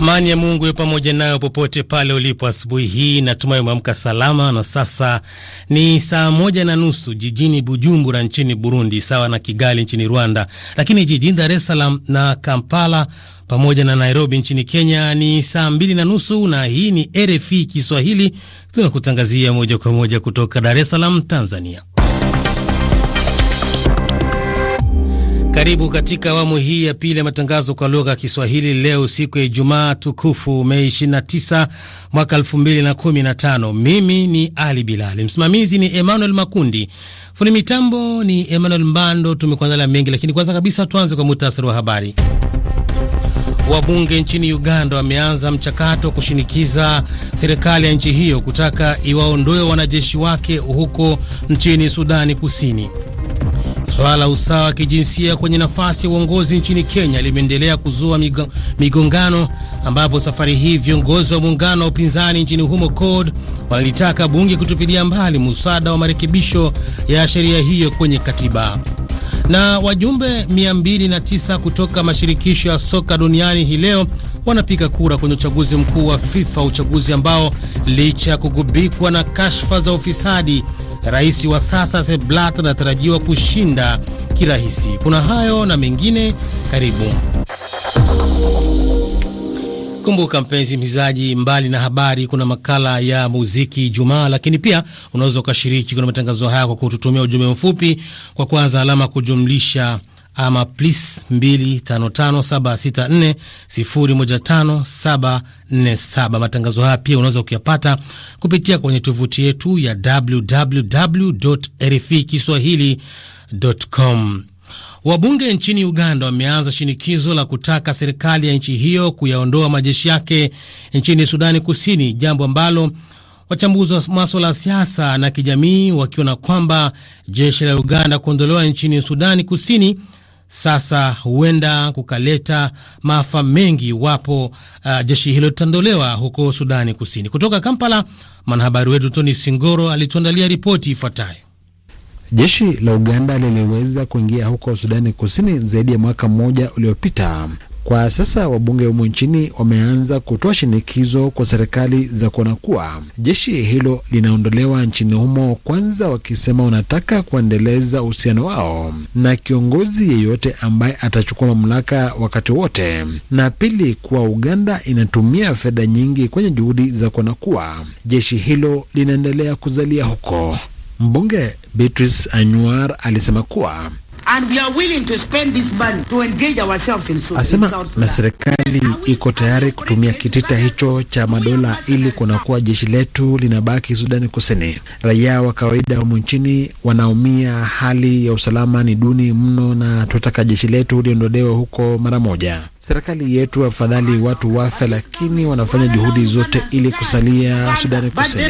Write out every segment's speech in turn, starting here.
Amani ya Mungu yo pamoja nayo popote pale ulipo. Asubuhi hii natumai umeamka salama, na sasa ni saa moja na nusu jijini Bujumbura nchini Burundi, sawa na Kigali nchini Rwanda, lakini jijini Dar es Salaam na Kampala pamoja na Nairobi nchini Kenya ni saa mbili na nusu. Na hii ni RFI Kiswahili, tunakutangazia moja kwa moja kutoka Dar es Salaam, Tanzania. Karibu katika awamu hii ya pili ya matangazo kwa lugha ya Kiswahili leo siku ya Ijumaa tukufu Mei 29 mwaka 2015. Mimi ni Ali Bilali, msimamizi ni Emmanuel Makundi, fundi mitambo ni Emmanuel Mbando. Tumekuandalia mengi, lakini kwanza kabisa tuanze kwa muhtasari wa habari. Wabunge nchini Uganda wameanza mchakato wa kushinikiza serikali ya nchi hiyo kutaka iwaondoe wanajeshi wake huko nchini Sudani Kusini. Swala la usawa wa kijinsia kwenye nafasi ya uongozi nchini Kenya limeendelea kuzua migongano ambapo safari hii viongozi wa muungano wa upinzani nchini humo CORD wanalitaka bunge kutupilia mbali muswada wa marekebisho ya sheria hiyo kwenye katiba. Na wajumbe 209 kutoka mashirikisho ya soka duniani hii leo wanapiga kura kwenye uchaguzi mkuu wa FIFA, uchaguzi ambao licha ya kugubikwa na kashfa za ufisadi Rais wa sasa Sepp Blatter anatarajiwa kushinda kirahisi. Kuna hayo na mengine, karibu. Kumbuka mpenzi msikilizaji, mbali na habari, kuna makala ya muziki jumaa lakini pia unaweza ukashiriki kwenye matangazo haya kwa kututumia ujumbe mfupi kwa kwanza alama kujumlisha ama plis 255764015747. Matangazo haya pia unaweza kuyapata kupitia kwenye tovuti yetu ya www RFI kiswahili.com. Wabunge nchini Uganda wameanza shinikizo la kutaka serikali ya nchi hiyo kuyaondoa majeshi yake nchini Sudani Kusini, jambo ambalo wachambuzi wa maswala ya siasa na kijamii wakiona kwamba jeshi la Uganda kuondolewa nchini Sudani Kusini sasa huenda kukaleta maafa mengi iwapo uh, jeshi hilo litaondolewa huko Sudani Kusini. Kutoka Kampala, mwanahabari wetu Tony Singoro alituandalia ripoti ifuatayo. Jeshi la Uganda liliweza kuingia huko Sudani Kusini zaidi ya mwaka mmoja uliopita kwa sasa wabunge humu nchini wameanza kutoa shinikizo kwa serikali za kuona kuwa jeshi hilo linaondolewa nchini humo, kwanza wakisema wanataka kuendeleza uhusiano wao na kiongozi yeyote ambaye atachukua mamlaka wakati wote, na pili, kuwa Uganda inatumia fedha nyingi kwenye juhudi za kuona kuwa jeshi hilo linaendelea kuzalia huko. Mbunge Beatrice Anywar alisema kuwa Asema na serikali iko tayari kutumia kitita hicho cha madola ili kunakuwa jeshi letu linabaki Sudani Kusini. Raia wa kawaida humu nchini wanaumia, hali ya usalama ni duni mno, na tunataka jeshi letu liondolewe huko mara moja. Serikali yetu afadhali watu wafe, lakini wanafanya juhudi zote ili kusalia Sudani Kusini.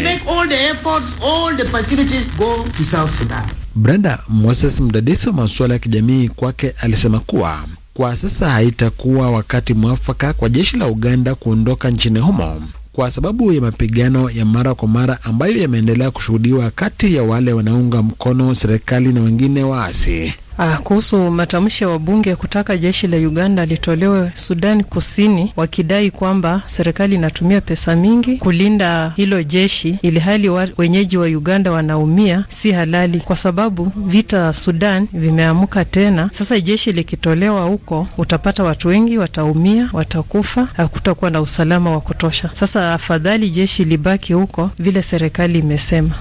Brenda Moses, mdadisi wa masuala ya kijamii, kwake alisema kuwa kwa sasa haitakuwa wakati mwafaka kwa jeshi la Uganda kuondoka nchini humo kwa sababu ya mapigano ya mara kwa mara ambayo yameendelea kushuhudiwa kati ya wale wanaunga mkono serikali na wengine waasi. Ah, kuhusu matamshi ya wabunge kutaka jeshi la Uganda litolewe Sudan Kusini, wakidai kwamba serikali inatumia pesa mingi kulinda hilo jeshi, ili hali wa, wenyeji wa Uganda wanaumia, si halali, kwa sababu vita Sudan vimeamuka tena. Sasa jeshi likitolewa huko, utapata watu wengi wataumia, watakufa, hakutakuwa na usalama wa kutosha. Sasa afadhali jeshi libaki huko vile serikali imesema.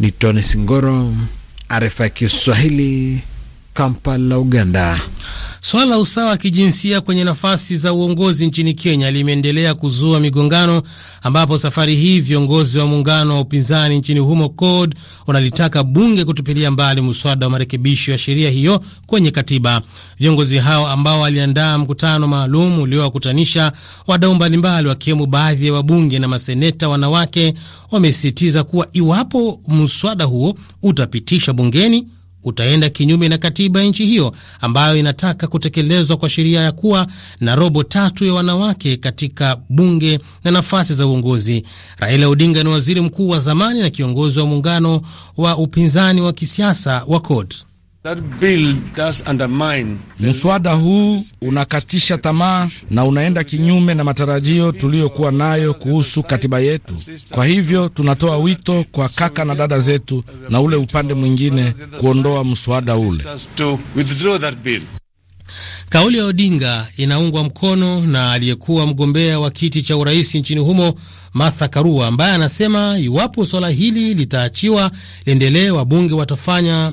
Ni Tony Singoro, RFI Kiswahili. Kampala, Uganda. Swala la usawa wa kijinsia kwenye nafasi za uongozi nchini Kenya limeendelea kuzua migongano, ambapo safari hii viongozi wa muungano wa upinzani nchini humo CORD wanalitaka bunge kutupilia mbali mswada wa marekebisho ya sheria hiyo kwenye katiba. Viongozi hao ambao waliandaa mkutano maalum uliowakutanisha wadau mbalimbali, wakiwemo baadhi ya wabunge na maseneta wanawake, wamesisitiza kuwa iwapo mswada huo utapitishwa bungeni utaenda kinyume na katiba ya nchi hiyo ambayo inataka kutekelezwa kwa sheria ya kuwa na robo tatu ya wanawake katika bunge na nafasi za uongozi. Raila Odinga ni waziri mkuu wa zamani na kiongozi wa muungano wa upinzani wa kisiasa wa CORD. Muswada huu unakatisha tamaa na unaenda kinyume na matarajio tuliyokuwa nayo kuhusu katiba yetu. Kwa hivyo tunatoa wito kwa kaka na dada zetu na ule upande mwingine kuondoa mswada ule. Kauli ya Odinga inaungwa mkono na aliyekuwa mgombea wa kiti cha urais nchini humo Martha Karua, ambaye anasema iwapo swala hili litaachiwa liendelee, wabunge watafanya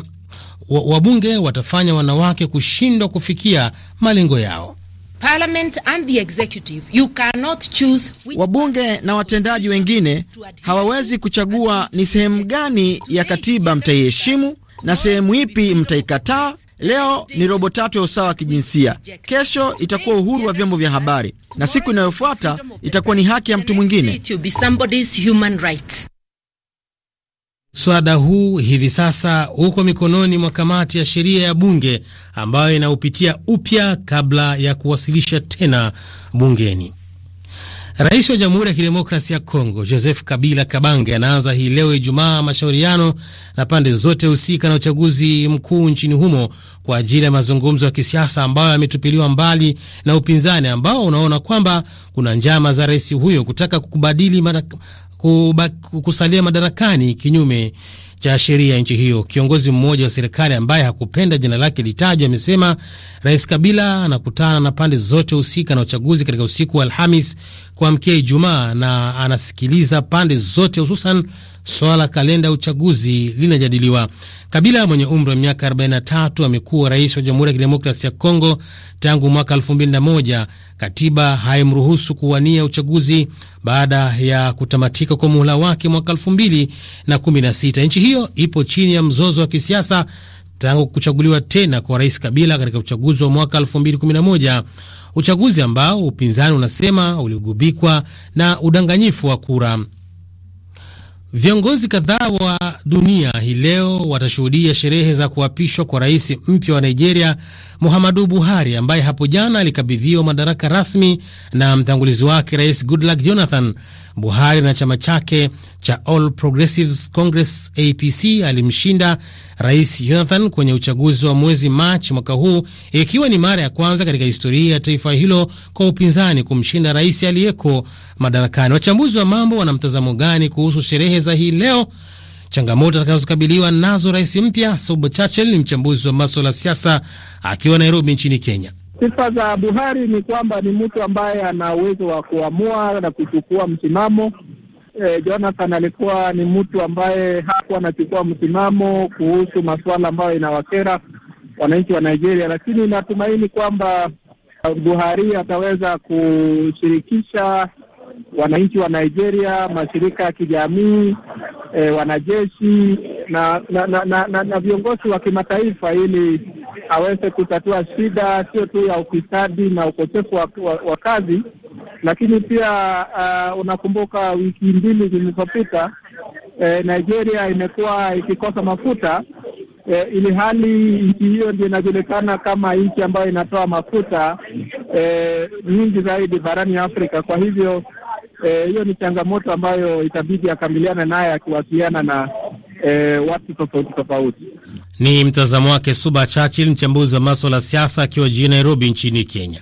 wabunge watafanya wanawake kushindwa kufikia malengo yao. Parliament and the executive, you cannot choose Wabunge na watendaji wengine hawawezi kuchagua ni sehemu gani ya katiba mtaiheshimu na sehemu ipi mtaikataa. Leo ni robo tatu ya usawa wa kijinsia, kesho itakuwa uhuru wa vyombo vya habari, na siku inayofuata itakuwa ni haki ya mtu mwingine. Mswada huu hivi sasa uko mikononi mwa kamati ya sheria ya bunge ambayo inaupitia upya kabla ya kuwasilisha tena bungeni. Rais wa Jamhuri ya kidemokrasi ya Kongo Joseph Kabila Kabange anaanza hii leo Ijumaa mashauriano na pande zote husika na uchaguzi mkuu nchini humo kwa ajili ya mazungumzo ya kisiasa ambayo yametupiliwa mbali na upinzani ambao unaona kwamba kuna njama za rais huyo kutaka kubadili kusalia madarakani kinyume cha sheria ya nchi hiyo. Kiongozi mmoja wa serikali ambaye hakupenda jina lake litajwa amesema Rais Kabila anakutana na pande zote husika na uchaguzi katika usiku wa Alhamis kuamkia Ijumaa, na anasikiliza pande zote hususan swala la kalenda ya uchaguzi linajadiliwa. Kabila mwenye umri wa miaka 43 amekuwa rais wa Jamhuri ya Kidemokrasi ya Kongo tangu mwaka 2001. Katiba haimruhusu kuwania uchaguzi baada ya kutamatika kwa muhula wake mwaka 2016. Nchi hiyo ipo chini ya mzozo wa kisiasa tangu kuchaguliwa tena kwa rais Kabila katika uchaguzi wa mwaka 2011, uchaguzi ambao upinzani unasema uligubikwa na udanganyifu wa kura. Viongozi kadhaa wa dunia hii leo watashuhudia sherehe za kuapishwa kwa rais mpya wa Nigeria, Muhammadu Buhari, ambaye hapo jana alikabidhiwa madaraka rasmi na mtangulizi wake Rais Goodluck Jonathan Buhari na chama chake cha All Progressives Congress APC alimshinda Rais Jonathan kwenye uchaguzi wa mwezi Machi mwaka huu, ikiwa ni mara ya kwanza katika historia ya taifa hilo kwa upinzani kumshinda rais aliyeko madarakani. Wachambuzi wa mambo wana mtazamo gani kuhusu sherehe za hii leo, changamoto atakazokabiliwa nazo rais mpya? Sobo Churchill ni mchambuzi wa maswala ya siasa akiwa Nairobi nchini Kenya. Sifa za Buhari ni kwamba ni mtu ambaye ana uwezo wa kuamua na kuchukua msimamo. E, Jonathan alikuwa ni mtu ambaye hakuwa anachukua msimamo kuhusu masuala ambayo inawakera wananchi wa Nigeria, lakini natumaini kwamba Buhari ataweza kushirikisha wananchi wa Nigeria, mashirika ya kijamii e, wanajeshi na na, na, na, na, na viongozi wa kimataifa ili aweze kutatua shida sio tu ya ufisadi na ukosefu wa, wa, wa kazi, lakini pia uh, unakumbuka wiki mbili zilizopita e, Nigeria imekuwa ikikosa mafuta e, ili hali nchi hiyo ndio inajulikana kama nchi ambayo inatoa mafuta e, nyingi zaidi barani Afrika. Kwa hivyo Eh, hiyo e, ni changamoto ambayo itabidi akabiliane naye akiwasiliana na e, watu tofauti tofauti. Ni mtazamo wake Suba Churchill, mchambuzi wa maswala ya siasa, akiwa jijini Nairobi nchini Kenya.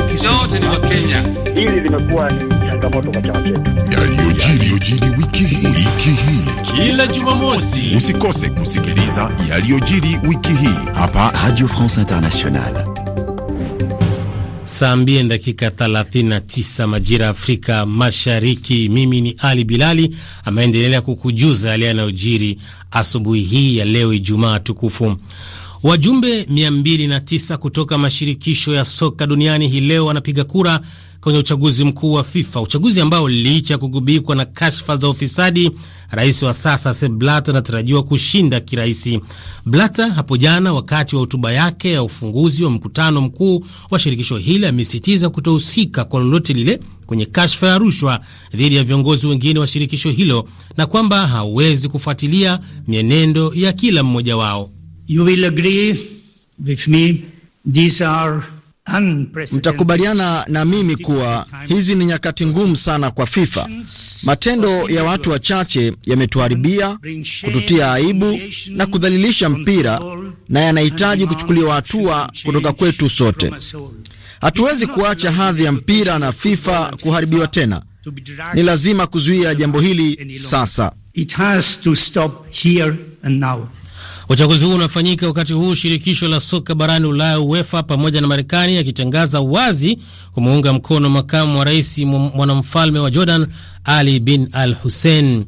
ni Hili limekuwa ni changamoto kwa chama chetu. Yaliyojiri wiki hii, wiki hii, kila Jumamosi usikose kusikiliza yaliyojiri wiki hii hapa Radio France Internationale saa mbili dakika 39 majira ya Afrika Mashariki. Mimi ni Ali Bilali ameendelea kukujuza yale yanayojiri asubuhi hii ya leo Ijumaa tukufu. Wajumbe 209 kutoka mashirikisho ya soka duniani hii leo wanapiga kura kwenye uchaguzi mkuu wa FIFA, uchaguzi ambao licha ya kugubikwa na kashfa za ufisadi, rais wa sasa Sepp Blatter anatarajiwa kushinda kirahisi. Blatter hapo jana, wakati wa hotuba yake ya ufunguzi wa mkutano mkuu wa shirikisho hili, amesisitiza kutohusika kwa lolote lile kwenye kashfa ya rushwa dhidi ya viongozi wengine wa shirikisho hilo na kwamba hawezi kufuatilia mienendo ya kila mmoja wao. You will agree with me, these are Mtakubaliana na mimi kuwa hizi ni nyakati ngumu sana kwa FIFA. Matendo ya watu wachache yametuharibia, kututia aibu na kudhalilisha mpira, na yanahitaji kuchukuliwa hatua kutoka kwetu sote. Hatuwezi kuacha hadhi ya mpira na FIFA kuharibiwa tena. Ni lazima kuzuia jambo hili sasa. It has to stop here and now. Uchaguzi huu unafanyika wakati huu shirikisho la soka barani Ulaya UEFA pamoja na Marekani akitangaza wazi kumuunga mkono makamu wa rais mwanamfalme wa Jordan Ali bin Al Hussein.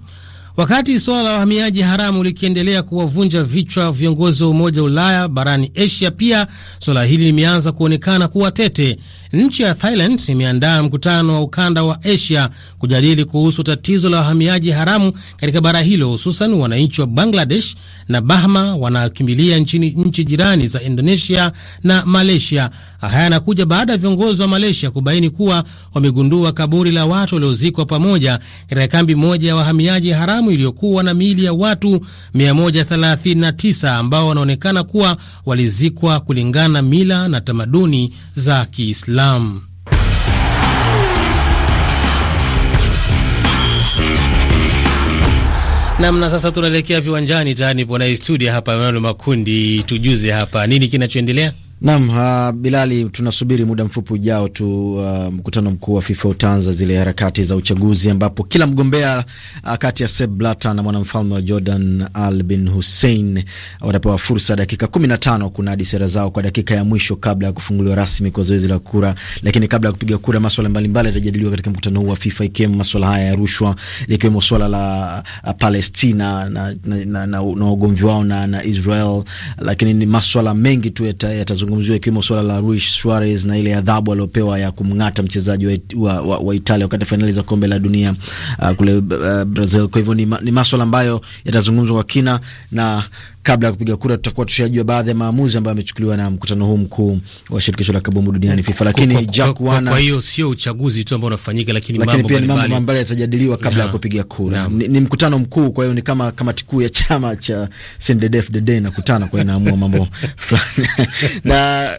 Wakati suala la wahamiaji haramu likiendelea kuwavunja vichwa viongozi wa Umoja wa Ulaya barani Asia, pia suala hili limeanza kuonekana kuwa tete. Nchi ya Thailand imeandaa mkutano wa ukanda wa Asia kujadili kuhusu tatizo la wahamiaji haramu katika bara hilo, hususan wananchi wa Bangladesh na Bahma wanakimbilia nchini nchi jirani za Indonesia na Malaysia. Haya yanakuja baada ya viongozi wa Malaysia kubaini kuwa wamegundua kaburi la watu waliozikwa pamoja katika kambi moja ya wahamiaji haramu damu iliyokuwa na miili ya watu 139 ambao wanaonekana kuwa walizikwa kulingana mila na tamaduni za Kiislamu. Namna sasa, tunaelekea viwanjani tayari. Nipo naye studio hapa Emanuel Makundi, tujuze hapa nini kinachoendelea. Naam, uh, Bilali, tunasubiri muda mfupi ujao tu uh, mkutano mkuu wa FIFA utaanza zile harakati za uchaguzi ambapo kila mgombea uh, kati ya Sepp Blatter na mwanamfalme wa Jordan Al Bin Hussein watapewa fursa dakika kumi na tano kunadi sera zao kwa dakika ya mwisho kabla ya kufunguliwa rasmi kwa zoezi la kura. Lakini kabla ya kupiga kura, maswala mbalimbali yatajadiliwa katika mkutano huu wa FIFA, ikiwemo maswala haya ya rushwa, likiwemo swala la uh, Palestina na, na, na, na, na ugomvi wao na, na Israel, lakini ni maswala mengi tu yatazungumzwa tunazungumzia ikiwemo suala la Luis Suarez na ile adhabu aliyopewa ya kumng'ata mchezaji wa, wa, wa, wa Italia wakati fainali za kombe la dunia uh, kule uh, Brazil. Kwa hivyo ni, ni maswala ambayo yatazungumzwa kwa kina na Kabla ya kupiga kura, tutakuwa tushajua baadhi ya maamuzi ambayo yamechukuliwa na mkutano huu mkuu wa shirikisho la kabumbu duniani FIFA. Lakini Jack kwa hiyo sio uchaguzi tu ambao unafanyika, lakini mambo lakini pia mambo mbalimbali yatajadiliwa kabla ya kupiga kura. Ni, ni mkutano mkuu, kwa hiyo ni kama kamati kuu ya chama cha CNDD-FDD inakutana, kwa hiyo inaamua mambo fulani na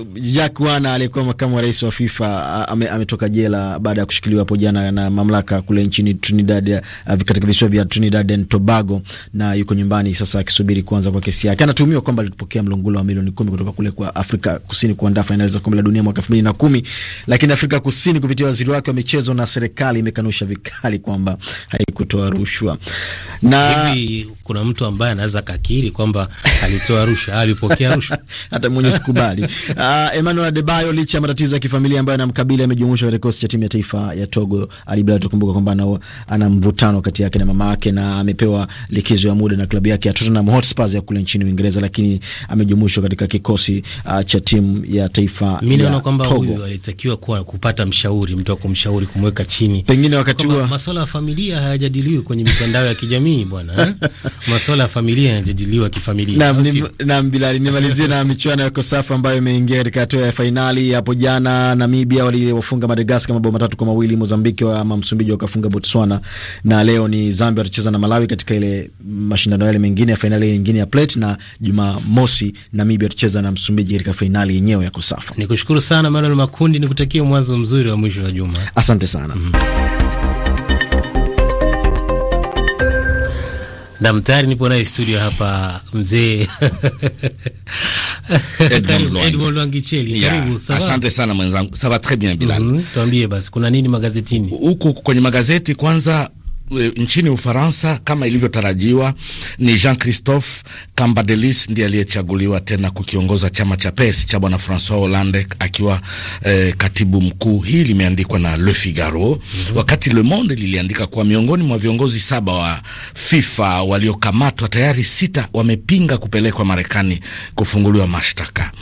uh, Jack Wana aliyekuwa makamu wa rais wa FIFA ame, ametoka jela baada ya kushikiliwa hapo jana na mamlaka kule nchini Trinidad, eh, katika visiwa vya Trinidad and Tobago, na yuko nyumbani sasa akisubiri kuanza kwa kesi yake. Anatuhumiwa kwamba alipokea mlongulo wa milioni kumi kutoka kule kwa Afrika Kusini kuandaa fainali za kombe la dunia mwaka elfu mbili na kumi, lakini Afrika Kusini kupitia waziri wake wa michezo na serikali imekanusha vikali kwamba haikutoa rushwa na hivi kuna mtu ambaye anaweza kakiri kwamba alitoa rushwa, ah, alipokea rushwa hata mwenye sikubali. Uh, Emmanuel Adebayo licha ya matatizo ya kifamilia ambayo anamkabili amejumuishwa katika kikosi cha timu ya taifa ya Togo. Alibila tukumbuka kwamba ana mvutano kati yake na mama yake na amepewa likizo ya muda na klabu yake ya Tottenham Hotspur ya kule nchini Uingereza, lakini amejumuishwa katika kikosi uh, cha timu ya taifa. ya Mimi naona kwamba huyu alitakiwa kuwa kupata mshauri, mtu wa kumshauri, kumweka chini, pengine wakati wa masuala ya familia hayajadiliwi kwenye mitandao ya kijamii bwana eh? masuala ya familia yanajadiliwa kifamilia. Na Bilali, nimalizie na michuano ya Kosafa ambayo imeingia katika hatua ya fainali hapo jana. Namibia waliwafunga Madagaska mabao matatu kwa mawili, Mozambiki ama Msumbiji wakafunga Botswana, na leo ni Zambia watacheza na Malawi katika ile mashindano yale mengine ya fainali nyingine ya plate, na Jumamosi Namibia watacheza na Msumbiji katika fainali yenyewe ya Kosafa. Nikushukuru sana Manuel Makundi, nikutakia mwanzo mzuri wa mwisho wa juma. Asante sana. mm -hmm. na mtari nipo naye studio hapa mzee Edmond Wangicheli, karibu. Asante sana mwenzangu, ça va bien Bilal. Mm -hmm. Tuambie basi kuna nini magazetini huku? Kwenye magazeti kwanza Eh, nchini Ufaransa kama ilivyotarajiwa ni Jean Christophe Cambadelis ndiye aliyechaguliwa tena kukiongoza chama cha PES cha bwana Francois Hollande akiwa eh, katibu mkuu. Hii limeandikwa na Le Figaro. mm -hmm. Wakati Le Monde liliandika kuwa miongoni mwa viongozi saba wa FIFA waliokamatwa tayari sita wamepinga kupelekwa Marekani kufunguliwa mashtaka.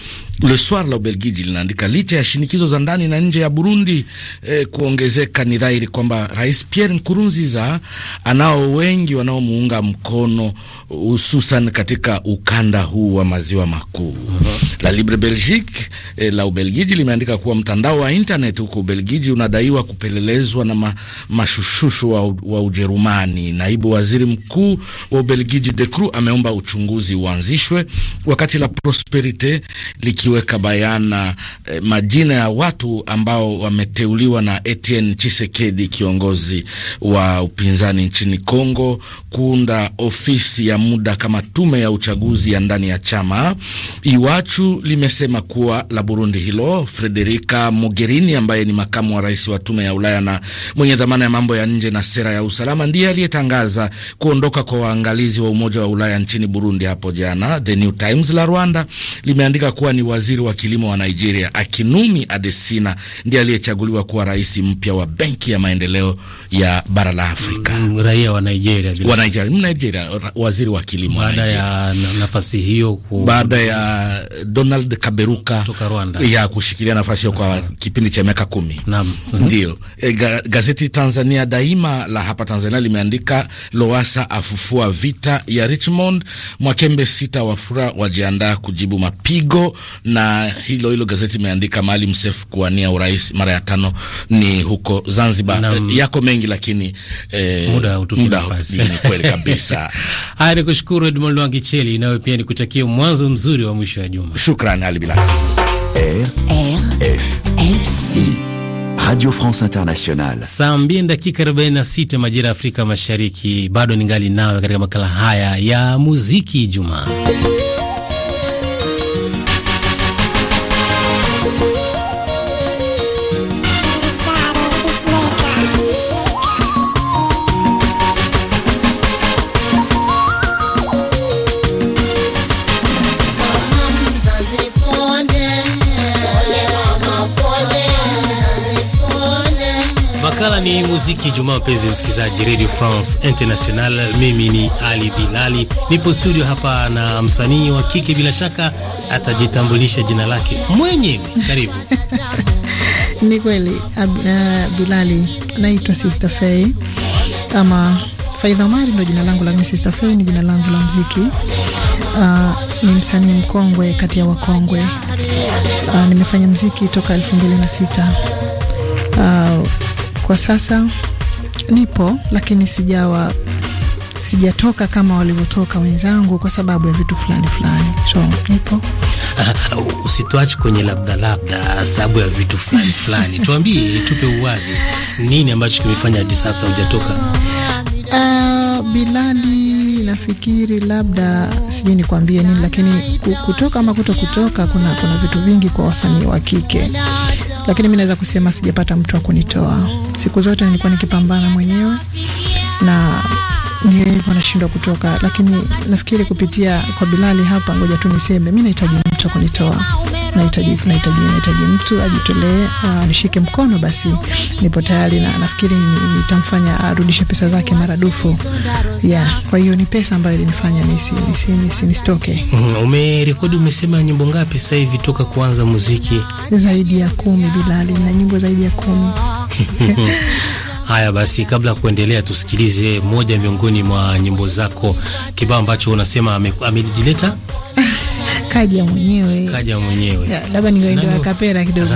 Le Soir la Ubelgiji linaandika licha ya shinikizo za ndani na nje ya Burundi eh, kuongezeka, ni dhahiri kwamba Rais Pierre Nkurunziza anao wengi wanaomuunga mkono hususan katika ukanda huu wa maziwa makuu. Uh -huh. La Libre Belgique eh, la Ubelgiji limeandika kuwa mtandao wa internet huko Ubelgiji unadaiwa kupelelezwa na ma, mashushushu wa, wa Ujerumani. Naibu Waziri Mkuu wa Ubelgiji De Croo ameomba uchunguzi uanzishwe wakati la Prosperite liki ikiweka bayana eh, majina ya watu ambao wameteuliwa na Etienne Chisekedi, kiongozi wa upinzani nchini Kongo, kuunda ofisi ya muda kama tume ya uchaguzi ya ndani ya chama. Iwachu limesema kuwa la Burundi hilo Frederica Mogherini, ambaye ni makamu wa rais wa tume ya Ulaya na mwenye dhamana ya mambo ya nje na sera ya usalama, ndiye aliyetangaza kuondoka kwa waangalizi wa Umoja wa Ulaya nchini Burundi hapo jana. The New Times la Rwanda limeandika kuwa ni waziri wa kilimo wa Nigeria Akinumi Adesina ndiye aliyechaguliwa kuwa rais mpya wa Benki ya Maendeleo ya bara la Afrika. Mm, raia wa Nigeria, wa Nigeria, Nigeria, waziri wa kilimo baada ya nafasi hiyo ku... baada ya Donald Kaberuka kutoka Rwanda ya kushikilia nafasi hiyo kwa kipindi cha miaka kumi. Naam, mhm. ndio e, ga, gazeti Tanzania Daima la hapa Tanzania limeandika Lowasa afufua vita ya Richmond, Mwakembe sita wafura wajiandaa kujibu mapigo na hilo hilo gazeti imeandika Maalim Seif kuwania urais mara ya tano ni huko Zanzibar na, eh, yako mengi lakini eh, muda muda ni kweli kabisa. Haya, nikushukuru Edmond Wangicheli, nawe pia nikutakie mwanzo mzuri wa mwisho wa juma. Shukrani Ali Bilal. Radio France Internationale. Saa mbili dakika 46 majira ya Afrika Mashariki. Bado ningali nawe katika makala haya ya muziki Ijumaa. ni muziki Jumaa. Mpenzi msikilizaji, Radio France International, mimi ni Ali Bilali, nipo studio hapa na msanii wa kike, bila shaka atajitambulisha jina lake mwenyewe. Karibu. Ni kweli Ab, uh, Bilali, naitwa Sister Faye ama Faidha Omari ndo jina langu, lakini Sister Faye ni jina langu la muziki. Uh, ni msanii mkongwe kati ya wakongwe. Uh, nimefanya muziki toka elfu mbili na sita. Uh, kwa sasa nipo, lakini sijawa sijatoka kama walivyotoka wenzangu kwa sababu ya vitu fulani fulani, so nipo. Uh, usituache kwenye labda labda sababu ya vitu fulani fulani. Tuambie, tupe uwazi, nini ambacho kimefanya hadi sasa hujatoka? Uh, ah, Bilali, nafikiri labda sijui nikwambie nini, lakini kutoka ama kuto kutoka, kuna kuna vitu vingi kwa wasanii wa kike lakini mi naweza kusema sijapata mtu wa kunitoa. Siku zote nilikuwa nikipambana mwenyewe na ndio hivyo nashindwa kutoka, lakini nafikiri kupitia kwa Bilali hapa, ngoja tu niseme mi nahitaji mtu wa kunitoa nahitaji nahitaji nahitaji mtu ajitolee ah, anishike mkono, basi nipo tayari na nafikiri nitamfanya arudishe pesa zake maradufu. Yeah, kwa hiyo ni pesa ambayo ilinifanya nisi nisi nisi nisitoke. Mhm, umerekodi, umesema nyimbo ngapi sasa hivi toka kuanza muziki? Zaidi ya kumi, Bilali, na nyimbo zaidi ya kumi Haya basi, kabla ya kuendelea, tusikilize moja miongoni mwa nyimbo zako, kibao ambacho unasema amejileta kaja mwenyewe, kaja mwenyewe, labda niende kapera kidogo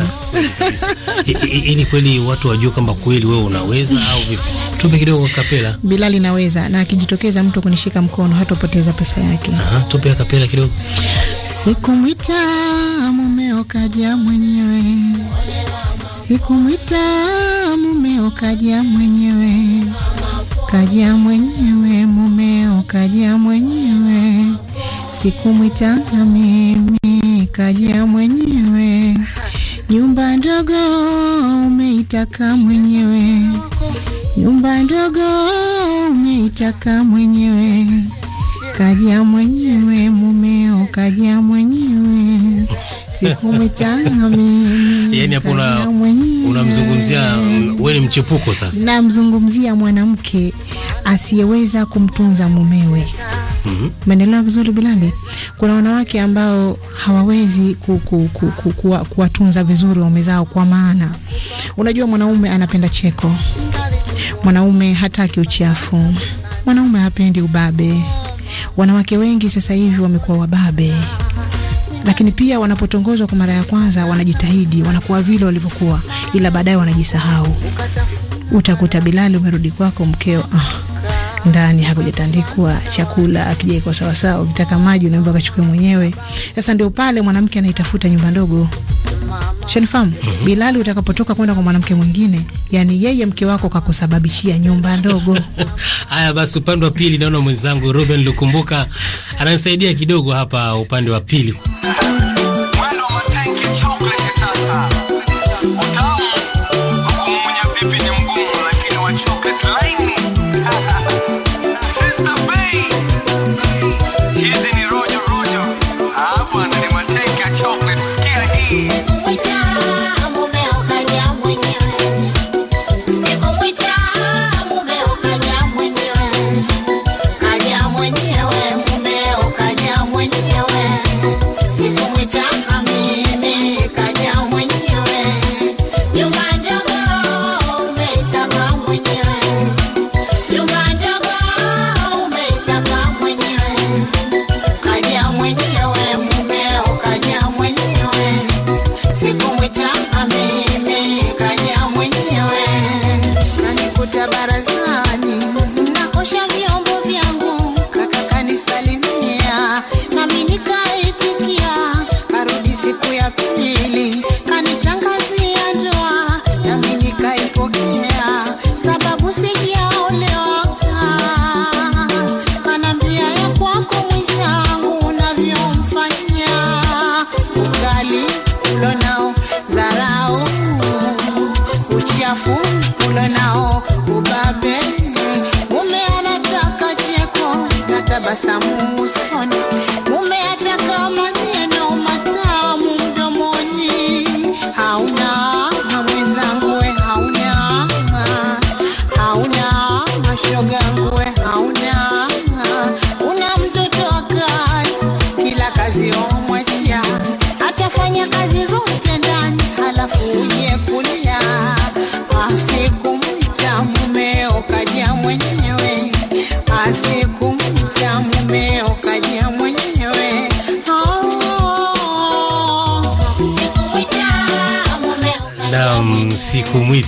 ili kweli watu wajue kwamba kweli wewe unaweza au vipi? Tupe kidogo kapela. Bilali naweza, na akijitokeza mtu kunishika mkono hatopoteza pesa yake. Aha, tupe kapela kidogo. Sikumwita mumeo kaja mwenyewe Sikumwita mumeo kaja mwenyewe, kaja mwenyewe mumeo kaja mwenyewe, sikumwita mimi kaja mwenyewe, nyumba ndogo umeitaka mwenyewe, nyumba ndogo umeitaka mwenyewe, kaja mwenyewe mumeo kaja mwenyewe Yaani hapo unamzungumzia wewe ni mchepuko sasa. Namzungumzia mwanamke asiyeweza kumtunza mumewe. Mm -hmm. vizuri Bilali. Kuna wanawake ambao hawawezi kuwatunza ku, ku, ku, ku, vizuri waume zao, kwa maana unajua mwanaume anapenda cheko, mwanaume hataki uchafu, mwanaume hapendi ubabe. Wanawake wengi sasa hivi wamekuwa wababe lakini pia wanapotongozwa kwa mara ya kwanza wanajitahidi, wanakuwa vile walivyokuwa, ila baadaye wanajisahau. Utakuta Bilali, umerudi kwako, mkeo ah ndani hakujatandikwa chakula, akijaikwa sawasawa, ukitaka maji unaomba akachukue mwenyewe. Sasa ndio pale mwanamke anaitafuta nyumba ndogo, shanifahamu. mm -hmm. Bilali, utakapotoka kwenda kwa mwanamke mwingine, yani yeye mke wako kakusababishia nyumba ndogo. Haya basi, upande wa pili naona mwenzangu Ruben Lukumbuka anasaidia kidogo hapa upande wa pili kule kisasa. Utamu wakumunya vipi ni mgumu, lakini wa chocolate laini Sister hizi ni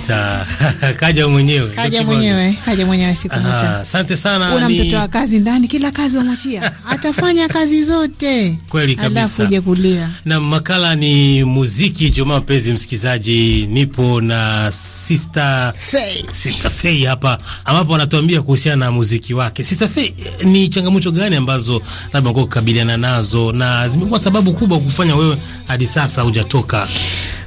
Peter. Kaja mwenyewe. Kaja mwenyewe. Kaja mwenyewe siku moja. Asante sana. Una ni... mtoto wa kazi ndani, kila kazi wamwachia. Atafanya kazi zote. Kweli kabisa. Alafu uje kulia. Na makala ni muziki Juma. mpenzi msikilizaji, nipo na Sister Faye. Sister Faye hapa ambapo anatuambia kuhusiana na muziki wake. Sister Faye, ni changamoto gani ambazo labda uko kukabiliana nazo na zimekuwa sababu kubwa kufanya wewe hadi sasa hujatoka?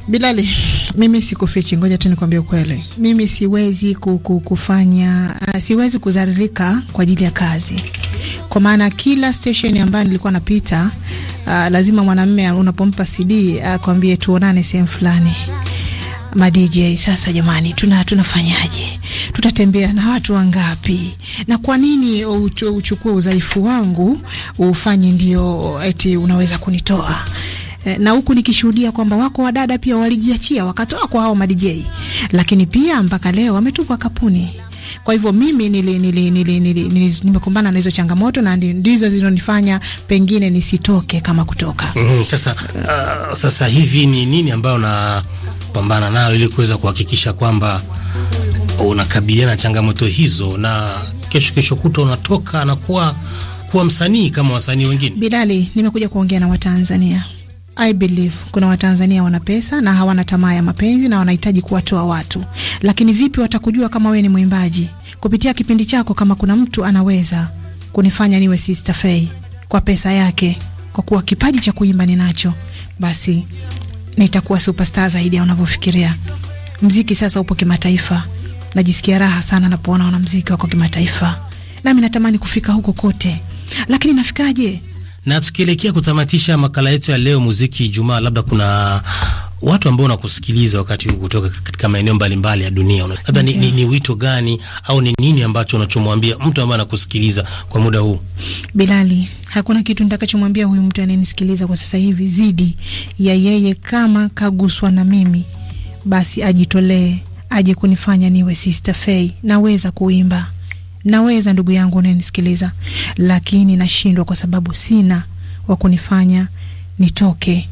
Bilali, mimi sikufichi, ngoja tu nikwambie ukweli. Mimi siwezi kufanya uh, siwezi kuzaririka kwa ajili ya kazi, kwa maana kila station ambayo nilikuwa napita uh, lazima mwanamume unapompa CD akwambie uh, tuonane sehemu fulani. Ma DJ sasa, jamani, tuna tunafanyaje? Tutatembea na watu wangapi? Na kwa nini uchukue udhaifu wangu ufanye ndio eti unaweza kunitoa? Eh, na huku nikishuhudia kwamba wako wadada pia walijiachia wakatoa kwa hao madijei, lakini pia mpaka leo wametupwa kapuni. Kwa hivyo mimi nili, nili, nili, nili, nimekumbana na hizo changamoto na ndizo zinonifanya pengine nisitoke kama kutoka. Mm, sasa, uh, sasa hivi ni nini ambayo unapambana nayo ili kuweza kuhakikisha kwamba unakabiliana na changamoto hizo na kesho kesho kuta unatoka na kuwa kuwa msanii kama wasanii wengine? Bilali, nimekuja kuongea na Watanzania I believe kuna Watanzania wana pesa na hawana tamaa ya mapenzi na wanahitaji kuwatoa watu, lakini vipi watakujua kama we ni mwimbaji? Kupitia kipindi chako, kama kuna mtu anaweza kunifanya niwe Sister Fay kwa pesa yake, kwa kuwa kipaji cha kuimba ninacho, basi nitakuwa superstar zaidi ya unavyofikiria. Mziki sasa upo kimataifa, najisikia raha sana napoona wanamziki wako kimataifa, nami natamani kufika huko kote, lakini nafikaje? Na tukielekea kutamatisha makala yetu ya leo muziki Ijumaa, labda kuna watu ambao unakusikiliza wakati huu kutoka katika maeneo mbalimbali ya dunia, labda ni, ni, ni wito gani au ni nini ambacho unachomwambia mtu ambaye anakusikiliza kwa muda huu? Bilali, hakuna kitu nitakachomwambia huyu mtu anayenisikiliza kwa sasa hivi zidi ya yeye, kama kaguswa na mimi, basi ajitolee aje kunifanya niwe Sister naweza kuimba Naweza ndugu yangu unayenisikiliza, lakini nashindwa kwa sababu sina wa kunifanya nitoke,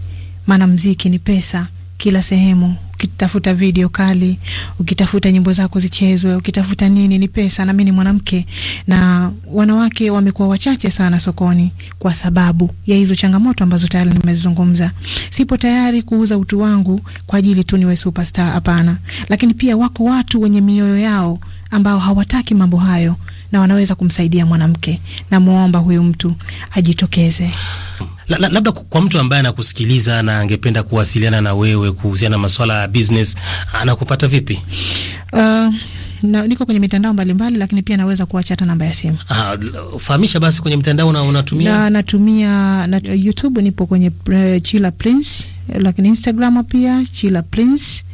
maana mziki ni pesa kila sehemu. Ukitafuta video kali, ukitafuta nyimbo zako zichezwe, ukitafuta nini, ni pesa. Na mimi ni mwanamke, na wanawake wamekuwa wachache sana sokoni kwa sababu ya hizo changamoto ambazo tayari nimezizungumza. Sipo tayari kuuza utu wangu kwa ajili tu niwe superstar, hapana. Lakini pia wako watu wenye mioyo yao ambao hawataki mambo hayo na wanaweza kumsaidia mwanamke. Namwomba huyu mtu ajitokeze. La, la, labda kwa mtu ambaye anakusikiliza na angependa kuwasiliana na wewe kuhusiana na masuala ya business anakupata vipi? Uh, na, niko kwenye mitandao mbalimbali mbali, lakini pia naweza kuacha hata namba ya simu. Ah, fahamisha basi kwenye mitandao una, unatumia? Na, natumia na, YouTube nipo kwenye uh, Chila Prince, lakini Instagram pia Chila Prince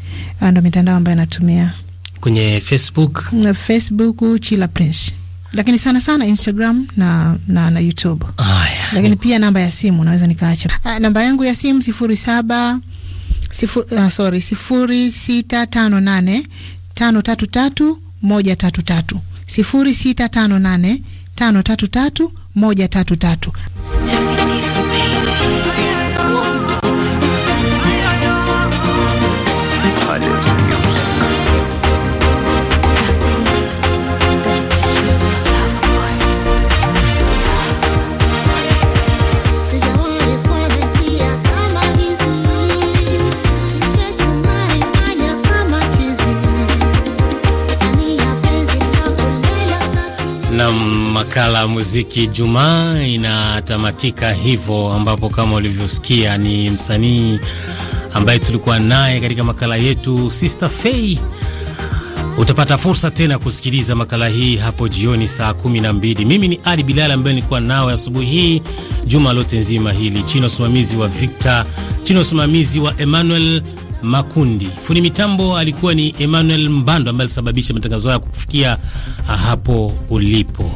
ah, ndio mitandao ambayo natumia kwenye Facebook na Facebook Chila Prince, lakini sana sana Instagram na na, na YouTube. Aya, lakini pia namba ya simu naweza nikaacha. Uh, namba yangu ya simu sifuri saba sifuri, uh, ah, sorry sifuri sita tano nane tano tatu tatu moja tatu tatu sifuri sita tano nane tano tatu tatu moja tatu tatu Makala muziki Jumaa inatamatika hivyo, ambapo kama ulivyosikia ni msanii ambaye tulikuwa naye katika makala yetu Sister Faye. Utapata fursa tena kusikiliza makala hii hapo jioni saa kumi na mbili. Mimi ni Ali Bilal ambaye nilikuwa nawe asubuhi hii juma lote nzima hili, chini ya usimamizi wa Victor, chini ya usimamizi wa Emmanuel Makundi. Fundi mitambo alikuwa ni Emmanuel Mbando ambaye alisababisha matangazo haya kukufikia ah, hapo ulipo.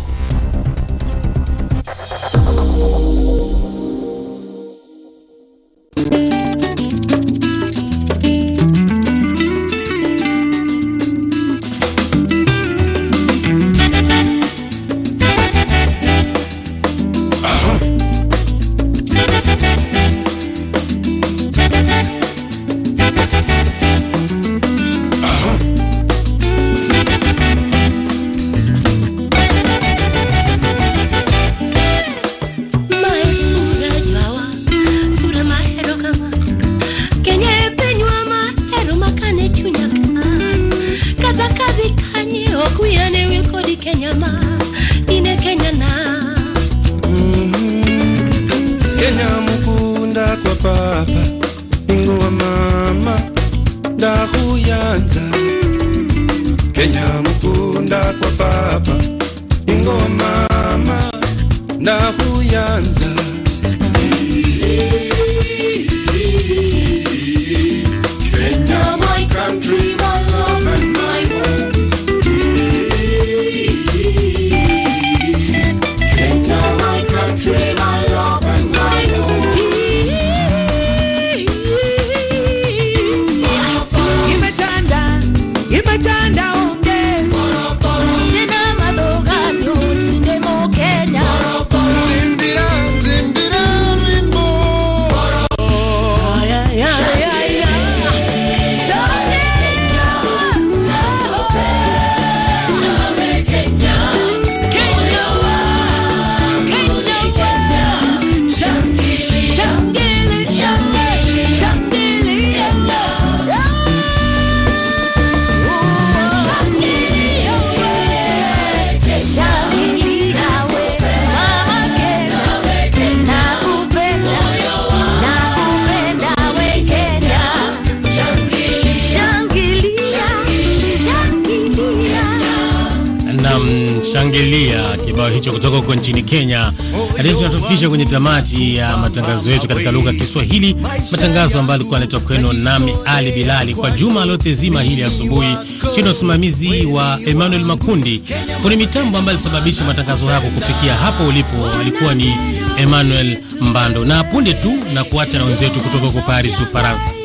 Elia kibao hicho kutoka huko nchini Kenya. Hadi tunatufikisha kwenye tamati ya matangazo yetu katika lugha ya Kiswahili, matangazo ambayo alikuwa analetwa kwenu nami Ali Bilali kwa juma lote zima hili asubuhi, chini ya usimamizi wa Emmanuel Makundi. Kuna mitambo ambayo alisababisha matangazo yako kufikia hapo ulipo, alikuwa ni Emmanuel Mbando, na punde tu na kuacha na wenzetu kutoka huko Paris, Ufaransa.